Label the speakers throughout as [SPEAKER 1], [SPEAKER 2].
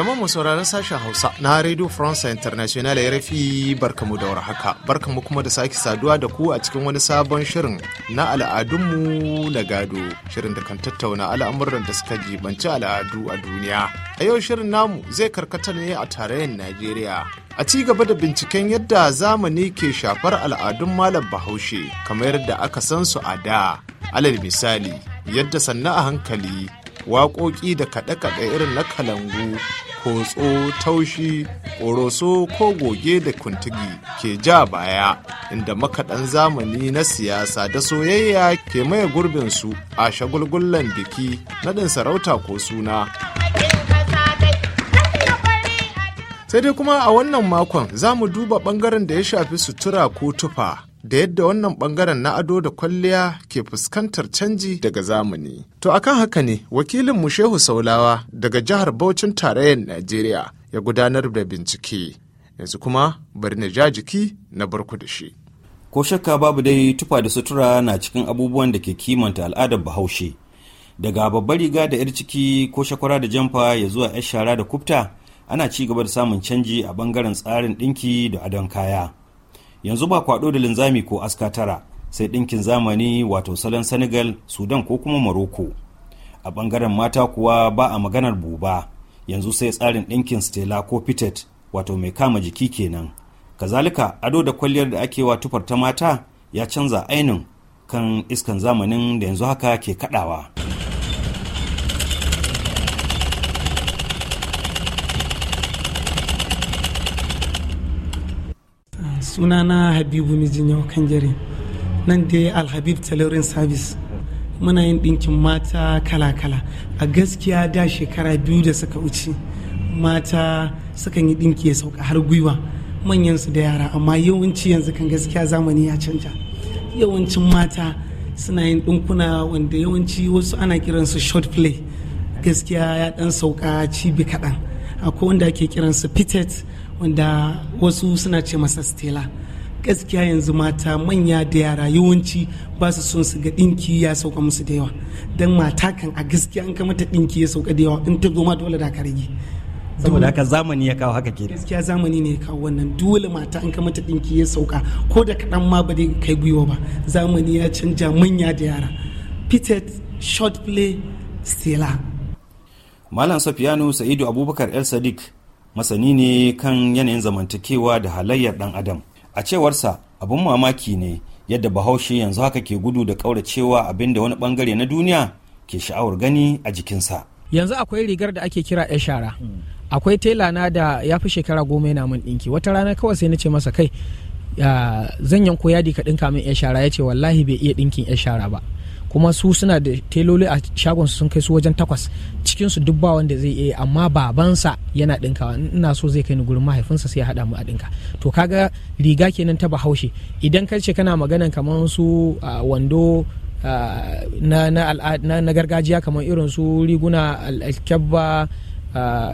[SPEAKER 1] Jama'a mu sauraron sashen Hausa na Radio France International ya rafi barkamu da warhaka. Barkamu kuma da sake saduwa da ku a cikin wani sabon shirin na al'adunmu na gado. Shirin da kan tattauna al'amuran da suka jibanci al'adu a duniya. A yau shirin namu zai karkata ne a tarayyar Najeriya. A ci gaba da binciken yadda zamani ke shafar al'adun malam Bahaushe kamar yadda aka san su a da. Alal misali, yadda sannu a hankali waƙoƙi da kaɗe-kaɗe irin na kalangu kotso taushi ƙoroso ko goge da kuntigi ke ja baya inda makaɗan zamani na siyasa da soyayya ke maye gurbinsu a shagulgullan biki naɗin sarauta ko suna sai dai kuma a wannan makon za mu duba ɓangaren da ya shafi sutura ko tufa da yadda wannan bangaren na ado da kwalliya ke fuskantar canji daga zamani. To akan haka ne wakilin mu Shehu Saulawa daga jihar Bauchin tarayyar Najeriya ya gudanar da bincike. Yanzu kuma bari na ja jiki na barku da shi. Ko shakka babu dai tufa da sutura na cikin abubuwan
[SPEAKER 2] da ke kimanta al'adar Bahaushe. Daga babbar riga da 'yar ciki ko shakwara da jamfa ya zuwa 'yar shara da kufta ana ci gaba da samun canji a bangaren tsarin ɗinki da adon kaya. yanzu ba kwaɗo da linzami ko aska tara sai ɗinkin zamani wato salon senegal sudan ko kuma morocco a ɓangaren mata kuwa ba a maganar buba yanzu sai tsarin ɗinkin stela ko pitet wato mai kama jiki kenan kazalika ado da kwalliyar da ake wa tufar ta mata ya canza ainin kan iskan zamanin da yanzu haka ke kaɗawa.
[SPEAKER 3] Suna na habibu mijin yau kan jere nan dai alhabib tailoring service muna yin ɗinkin mata kala-kala a gaskiya da shekara biyu da suka wuce mata sukan yi ɗinki ya sauka har gwiwa manyan su da yara amma yawanci yanzu kan gaskiya zamani ya canja yawancin mata suna yin ɗinkuna wanda yawanci wasu ana kiransu short play gaskiya ya ɗan sauka cibi kaɗan akwai wanda ake kiransu pitet wanda wasu suna ce masa stela gaskiya yanzu mata manya da yara yawanci ba su son su ga dinki ya sauka musu da yawa don mata kan a gaskiya an kamata dinki ya sauka da yawa in ta goma dole da ka rage
[SPEAKER 2] saboda haka zamani ya kawo haka ke
[SPEAKER 3] gaskiya zamani ne ya kawo wannan dole mata an kamata dinki ya sauka ko da kaɗan ma ba dai kai gwiwa ba zamani ya canja manya da yara pitet short play stela
[SPEAKER 2] malam safiyanu sa'idu abubakar el sadiq masani ne kan yanayin zamantakewa da halayyar ɗan adam a cewarsa abin mamaki ne yadda bahaushe yanzu haka ke gudu da kauracewa abin da wani bangare na duniya ke sha'awar gani a jikinsa
[SPEAKER 4] yanzu akwai rigar da ake kira 'yar shara akwai tela na da ya fi shekara goma yana min ɗinki wata rana kawai sai na ce masa kai zan yanko yadi ka ɗinka min 'yar shara ya ce wallahi bai iya ɗinkin 'yar shara ba kuma su suna da teloli a shagon sun kai su wajen takwas cikinsu duk ba wanda zai iya amma babansa yana dinka ina so zai kai ni gurin mahaifinsa sai ya haɗa mu a dinka to kaga riga kenan ta bahaushe idan ka ce kana magana kamar su wando na, gargajiya kamar irin su riguna alkyabba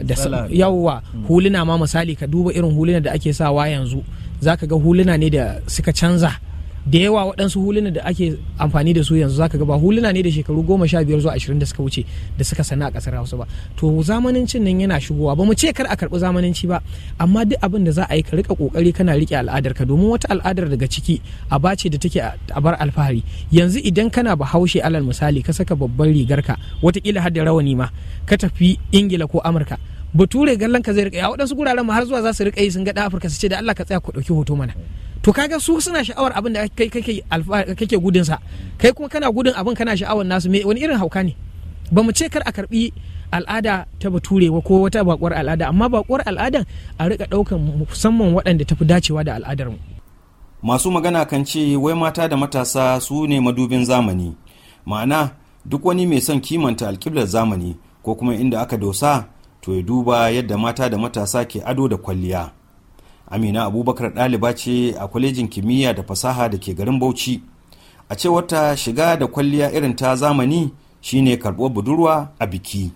[SPEAKER 4] da yawwa mm. huluna ma misali ka duba irin huluna da ake sawa yanzu zaka ga huluna ne da suka canza da yawa waɗansu hulunan da ake amfani da su yanzu zaka ga ba huluna ne da shekaru goma sha biyar zuwa ashirin da suka wuce da suka sana a ƙasar hausa ba to zamanancin nan yana shigowa ba mu ce kar a karɓi zamananci ba amma duk abin da za a yi ka rika ƙoƙari kana riƙe al'adar ka domin wata al'adar daga ciki a bace da take a bar alfahari yanzu idan kana bahaushe alal misali ka saka babban rigarka watakila har da rawani ma ka tafi ingila ko amurka bature gallan ka zai rika ya waɗansu guraren mu har zuwa za su rika yi sun ga afirka su ce da allah ka tsaya ku ɗauki hoto mana to kaga su suna sha'awar abin da kai kake kake gudun sa kai kuma kana gudun abin kana sha'awar nasu me wani irin hauka ne ba mu ce kar a karbi al'ada ta bature ko wata bakwar al'ada amma bakwar al'adan a rika daukan musamman waɗanda tafi dacewa da al'adar mu
[SPEAKER 2] masu magana kan ce wai mata da matasa su ne madubin zamani ma'ana duk wani mai son kimanta alƙiblar zamani ko kuma inda aka dosa to ya duba yadda mata da matasa ke ado da kwalliya amina abubakar ɗaliba ce a kwalejin kimiyya da fasaha da ke garin bauchi a cewarta shiga da kwalliya irin ta zamani shine karɓuwar budurwa a biki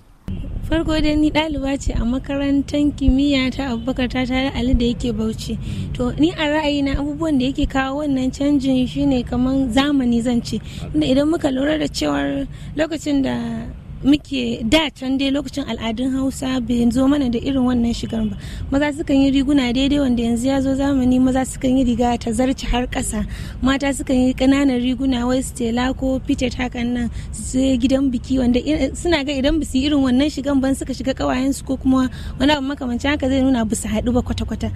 [SPEAKER 4] farko dai ni ɗaliba ce a makarantar kimiyya ta abubakar ta tare ali da yake bauchi to ni a ra'ayina abubuwan da yake kawo wannan canjin shine kamar zamani zan ce inda idan muka lura da cewar lokacin da muke da can dai lokacin al'adun hausa bai zo mana da irin wannan shigar ba maza sukan yi riguna daidai wanda yanzu ya zo zamani maza sukan yi riga ta zarci har ƙasa mata sukan yi ƙananan riguna wai tela ko fice hakan nan su gidan biki wanda suna ga idan ba su irin wannan shigan ban suka shiga ƙawayensu ko kuma wani abu makamancin haka zai nuna ba su haɗu ba kwata-kwata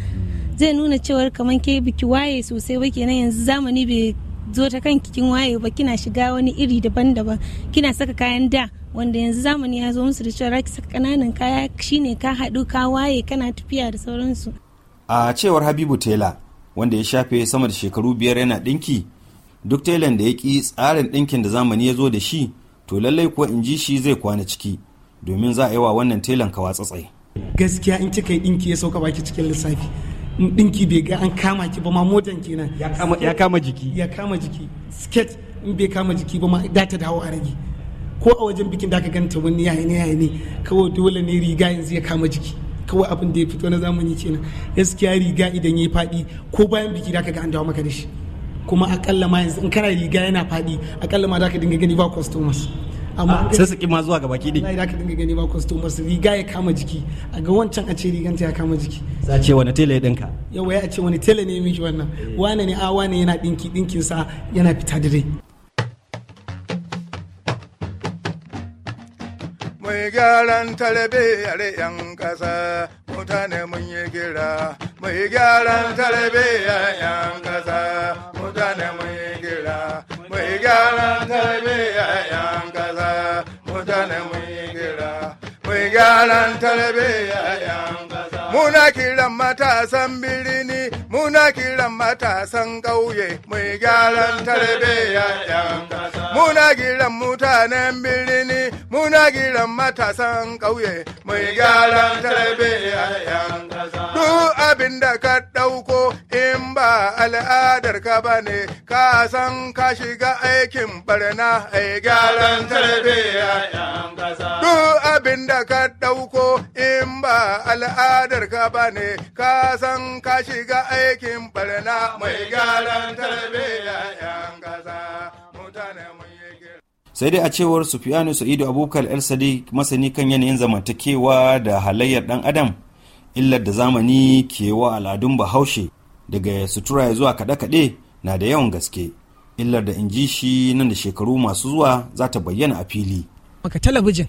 [SPEAKER 4] zai nuna cewar kamar ke biki waye sosai ba kenan yanzu zamani bai zo ta kan kikin waye ba kina shiga wani iri daban-daban kina saka kayan da wanda yanzu zamani ya zo musu da cewa raki kananan kaya shine ka haɗu ka waye kana tafiya da sauransu.
[SPEAKER 2] a cewar habibu tela wanda ya shafe sama da shekaru biyar yana ɗinki duk telan da ya ki tsarin ɗinkin da zamani ya zo da shi to lallai kuwa in ji shi zai kwana ciki domin za a yi wa wannan telan kawa
[SPEAKER 4] tsatsai.
[SPEAKER 3] gaskiya in kika yi ɗinki ya sauka baki cikin lissafi in ɗinki bai ga an kama ki ba ma motan kenan ya kama jiki ya kama jiki sket in bai kama jiki ba ma da ta dawo a rage ko a wajen bikin da aka ganta wani yayi ne yayi ne kawai dole ne riga yanzu ya kama jiki kawai abin da ya fito na zamani kenan gaskiya riga idan ya faɗi ko bayan biki da aka ga an dawo maka da shi kuma akalla ma yanzu in kana riga yana faɗi akalla ma da ka dinga gani ba customers amma ah, sai su kima zuwa gabaki din wallahi da ka dinga gani ba customers riga ya kama jiki a ga wancan a ce riganta ya kama jiki
[SPEAKER 2] za ce wani din dinka
[SPEAKER 3] yawa ya ce wani tele ne miki wannan eh. wane ne a wane yana dinki dinkin sa yana fita da dai
[SPEAKER 2] mai gyaran tarbiyyar 'yan ƙasa mutane mun yi gira mai gyaran tarbiyyar 'yan ƙasa mutane mun yi gira mai gyaran tarbiyyar 'yan ƙasa mutane mun yi gira mai gyaran tarbiyyar 'yan ƙasa muna kiran matasan birni muna kiran matasan ƙauye mai gyaran tarbiyyar 'yan ƙasa muna kiran mutanen birni muna giran matasan ƙauye mai gyaran tarbiyya
[SPEAKER 1] yan ƙasa.
[SPEAKER 2] Duk abin da ka ɗauko in ba al'adar ka ba ne, ka san ka shiga aikin barna ai gyaran tarbiyya yan ƙasa. Duk abin da ka ɗauko in ba al'adar ka ba ne, ka san ka shiga aikin barna mai gyaran tarbiyya yan ƙasa. Mutane mai sai dai a cewar sufiyanu sa'idu abubakar el sadiq masani kan yanayin zamantakewa da halayyar dan adam illar da zamani ke wa al'adun bahaushe daga sutura zuwa kaɗe-kaɗe na da yawan gaske illar da in ji shi nan da shekaru masu zuwa za ta bayyana a fili.
[SPEAKER 4] Maka talabijin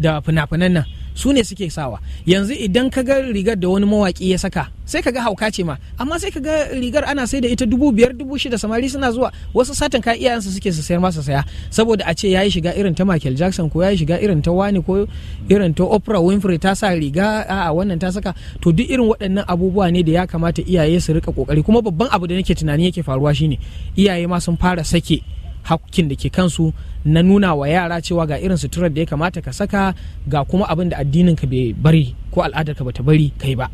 [SPEAKER 4] da fina-finan nan su ne suke sawa yanzu idan ka ga rigar da wani mawaki ya saka sai ka ga hauka ce ma amma sai ka ga rigar ana sai da ita dubu biyar dubu shida samari suna zuwa wasu satan ka iyayensu suke su sayar masa saya saboda a ce yayi shiga irin ta Michael Jackson ko yayi shiga irin ta wani ko irin ta Oprah Winfrey ta sa riga a wannan ta saka to duk irin waɗannan abubuwa ne da ya kamata iyaye su rika kokari kuma babban abu da nake tunani yake faruwa shine iyaye ma sun fara sake hakkin da ke kansu na nuna wa yara cewa ga irin suturar da ya kamata ka saka ga kuma abin da addinin ka bai bari ko al'adar ka bata bari kai ba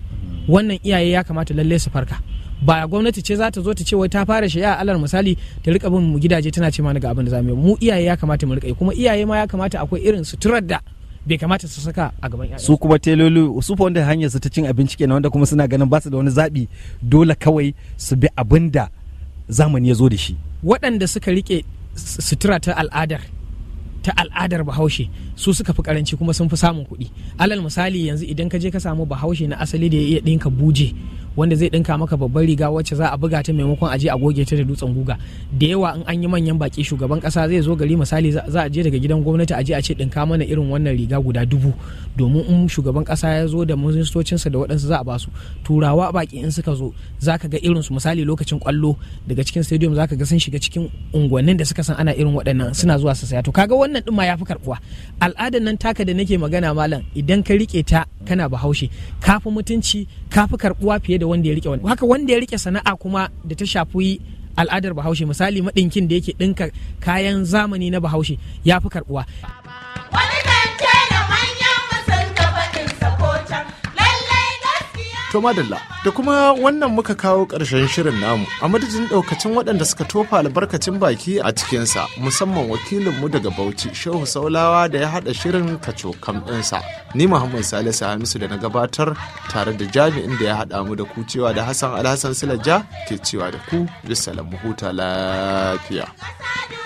[SPEAKER 4] wannan iyaye ya kamata lalle su farka ba gwamnati ce za ta zo ta ce wai ta fara ya alal misali ta rika bin mu gidaje tana ce mana ga abin da za mu mu iyaye ya kamata mu rika yi kuma iyaye ma ya kamata akwai irin suturar da bai kamata su saka a gaban su
[SPEAKER 2] kuma teloli su fa wanda hanyar su ta cin abinci kenan wanda kuma suna ganin ba su da wani zabi dole kawai su bi abin da zamani ya zo da shi
[SPEAKER 4] waɗanda suka rike sutura ta al'adar ta al'adar bahaushe su suka fi karanci kuma sun fi samun kuɗi alal misali yanzu idan ka je ka samu bahaushe na asali da ya iya ɗinka buje wanda zai ɗinka maka babbar riga wacce za a buga ta maimakon a je a goge ta da dutsen guga da yawa in an yi manyan baki shugaban ƙasa zai zo gari misali za a je daga gidan gwamnati a je a ce ɗinka mana irin wannan riga guda dubu domin in shugaban ƙasa ya zo da ministocinsa da waɗansu za a basu turawa baki in suka zo za ka ga irinsu misali lokacin kwallo daga cikin stadium za ka ga sun shiga cikin unguwannin da suka san ana irin waɗannan suna zuwa su saya to kaga wannan ɗin ma ya fi karɓuwa al'adar nan taka da nake magana malam idan ka rike ta kana bahaushe kafi mutunci kafi karbuwa fiye da wanda ya rike wani haka wanda ya rike sana'a kuma da ta shafi al'adar bahaushe misali madinkin da yake dinka kayan zamani na
[SPEAKER 1] bahaushe ya fi karbuwa To madalla da kuma wannan muka kawo karshen shirin namu a madadin ɗaukacin waɗanda suka tofa albarkacin baki a cikinsa musamman wakilin mu daga Bauchi Shehu Saulawa da ya haɗa shirin kaco ɗinsa. Ni Muhammad Salisu Hamisu da na gabatar tare da jami'in da ya haɗa mu da ku cewa da Hassan Alhassan Silaja ke cewa da ku bisa huta lafiya.